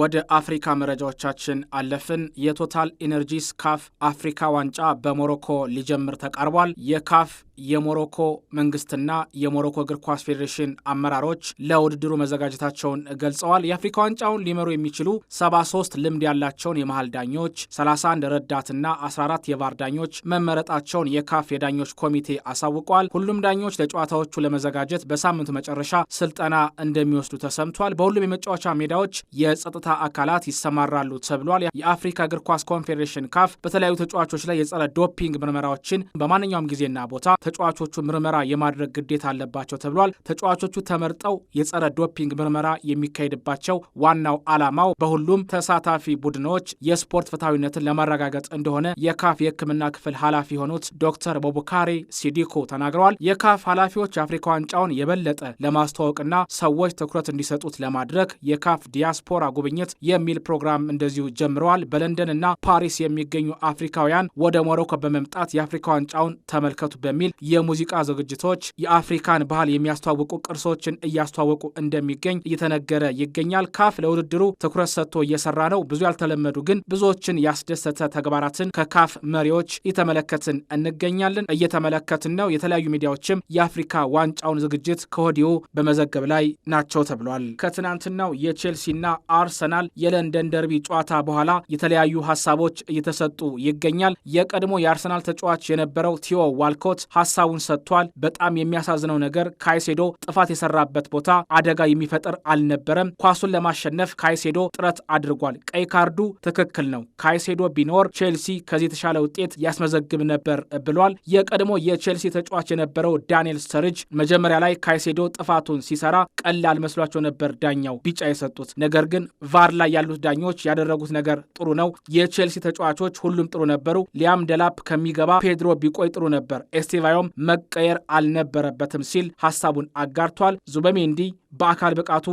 ወደ አፍሪካ መረጃዎቻችን አለፍን። የቶታል ኢነርጂስ ካፍ አፍሪካ ዋንጫ በሞሮኮ ሊጀምር ተቃርቧል። የካፍ የሞሮኮ መንግስትና የሞሮኮ እግር ኳስ ፌዴሬሽን አመራሮች ለውድድሩ መዘጋጀታቸውን ገልጸዋል። የአፍሪካ ዋንጫውን ሊመሩ የሚችሉ 73 ልምድ ያላቸውን የመሃል ዳኞች፣ 31 ረዳትና 14 የቫር ዳኞች መመረጣቸውን የካፍ የዳኞች ኮሚቴ አሳውቋል። ሁሉም ዳኞች ለጨዋታዎቹ ለመዘጋጀት በሳምንቱ መጨረሻ ስልጠና እንደሚወስዱ ተሰምቷል። በሁሉም የመጫወቻ ሜዳዎች የጸጥታ አካላት ይሰማራሉ ተብሏል። የአፍሪካ እግር ኳስ ኮንፌዴሬሽን ካፍ በተለያዩ ተጫዋቾች ላይ የጸረ ዶፒንግ ምርመራዎችን በማንኛውም ጊዜና ቦታ ተጫዋቾቹ ምርመራ የማድረግ ግዴታ አለባቸው ተብሏል። ተጫዋቾቹ ተመርጠው የጸረ ዶፒንግ ምርመራ የሚካሄድባቸው ዋናው ዓላማው በሁሉም ተሳታፊ ቡድኖች የስፖርት ፍትሐዊነትን ለማረጋገጥ እንደሆነ የካፍ የሕክምና ክፍል ኃላፊ የሆኑት ዶክተር ቦቡካሬ ሲዲኮ ተናግረዋል። የካፍ ኃላፊዎች የአፍሪካ ዋንጫውን የበለጠ ለማስተዋወቅና ሰዎች ትኩረት እንዲሰጡት ለማድረግ የካፍ ዲያስፖራ ጉብኝት የሚል ፕሮግራም እንደዚሁ ጀምረዋል። በለንደን እና ፓሪስ የሚገኙ አፍሪካውያን ወደ ሞሮኮ በመምጣት የአፍሪካ ዋንጫውን ተመልከቱ በሚል የሙዚቃ ዝግጅቶች የአፍሪካን ባህል የሚያስተዋውቁ ቅርሶችን እያስተዋወቁ እንደሚገኝ እየተነገረ ይገኛል። ካፍ ለውድድሩ ትኩረት ሰጥቶ እየሰራ ነው። ብዙ ያልተለመዱ ግን ብዙዎችን ያስደሰተ ተግባራትን ከካፍ መሪዎች እየተመለከትን እንገኛለን እየተመለከትን ነው። የተለያዩ ሚዲያዎችም የአፍሪካ ዋንጫውን ዝግጅት ከወዲሁ በመዘገብ ላይ ናቸው ተብሏል። ከትናንትናው የቼልሲና አርሰናል የለንደን ደርቢ ጨዋታ በኋላ የተለያዩ ሀሳቦች እየተሰጡ ይገኛል። የቀድሞ የአርሰናል ተጫዋች የነበረው ቲዮ ዋልኮት ሀሳቡን ሰጥቷል። በጣም የሚያሳዝነው ነገር ካይሴዶ ጥፋት የሰራበት ቦታ አደጋ የሚፈጥር አልነበረም። ኳሱን ለማሸነፍ ካይሴዶ ጥረት አድርጓል። ቀይ ካርዱ ትክክል ነው። ካይሴዶ ቢኖር ቼልሲ ከዚህ የተሻለ ውጤት ያስመዘግብ ነበር ብሏል። የቀድሞ የቼልሲ ተጫዋች የነበረው ዳንኤል ስተርጅ መጀመሪያ ላይ ካይሴዶ ጥፋቱን ሲሰራ ቀላል መስሏቸው ነበር ዳኛው ቢጫ የሰጡት። ነገር ግን ቫር ላይ ያሉት ዳኞች ያደረጉት ነገር ጥሩ ነው። የቼልሲ ተጫዋቾች ሁሉም ጥሩ ነበሩ። ሊያም ደላፕ ከሚገባ ፔድሮ ቢቆይ ጥሩ ነበር። ኤስቴቫ ጉዳዩም መቀየር አልነበረበትም ሲል ሀሳቡን አጋርቷል። ዙበሜንዲ በአካል ብቃቱ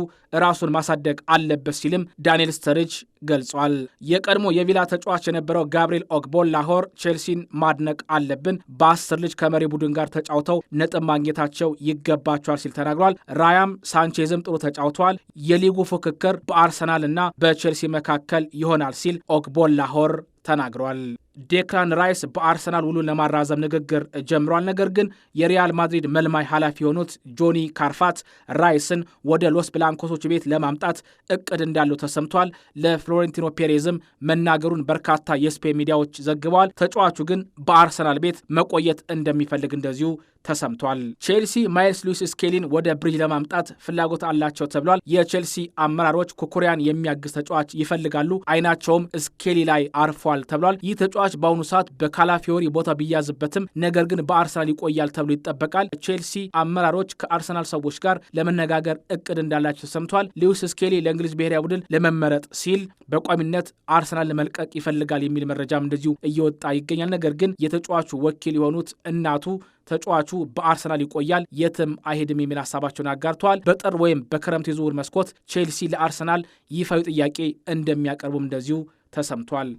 ራሱን ማሳደግ አለበት ሲልም ዳንኤል ስተርጅ ገልጿል። የቀድሞ የቪላ ተጫዋች የነበረው ጋብሪኤል ላሆር ቼልሲን ማድነቅ አለብን፣ በአስር ልጅ ከመሪ ቡድን ጋር ተጫውተው ነጥብ ማግኘታቸው ይገባቸዋል ሲል ተናግሯል። ራያም ሳንቼዝም ጥሩ ተጫውተዋል። የሊጉ ፉክክር በአርሰናል እና በቼልሲ መካከል ይሆናል ሲል ላሆር ተናግሯል። ዴክላን ራይስ በአርሰናል ውሉን ለማራዘም ንግግር ጀምሯል። ነገር ግን የሪያል ማድሪድ መልማይ ኃላፊ የሆኑት ጆኒ ካርፋት ራይስን ወደ ሎስ ብላንኮሶች ቤት ለማምጣት እቅድ እንዳለው ተሰምቷል። ለፍሎሬንቲኖ ፔሬዝም መናገሩን በርካታ የስፔን ሚዲያዎች ዘግበዋል። ተጫዋቹ ግን በአርሰናል ቤት መቆየት እንደሚፈልግ እንደዚሁ ተሰምቷል። ቼልሲ ማይልስ ሉዊስ ስኬሊን ወደ ብሪጅ ለማምጣት ፍላጎት አላቸው ተብሏል። የቼልሲ አመራሮች ኩኩሪያን የሚያግዝ ተጫዋች ይፈልጋሉ፣ አይናቸውም ስኬሊ ላይ አርፏል ተብሏል። ይህ ተጫዋች በአሁኑ ሰዓት በካላፊዮሪ ቦታ ቢያዝበትም ነገር ግን በአርሰናል ይቆያል ተብሎ ይጠበቃል። ቼልሲ አመራሮች ከአርሰናል ሰዎች ጋር ለመነጋገር እቅድ እንዳላቸው ተሰምቷል። ሉዊስ ስኬሊ ለእንግሊዝ ብሔራዊ ቡድን ለመመረጥ ሲል በቋሚነት አርሰናል ለመልቀቅ ይፈልጋል የሚል መረጃም እንደዚሁ እየወጣ ይገኛል። ነገር ግን የተጫዋቹ ወኪል የሆኑት እናቱ ተጫዋቹ በአርሰናል ይቆያል፣ የትም አይሄድም የሚል ሀሳባቸውን አጋርተዋል። በጥር ወይም በክረምት የዝውውር መስኮት ቼልሲ ለአርሰናል ይፋዊ ጥያቄ እንደሚያቀርቡም እንደዚሁ ተሰምቷል።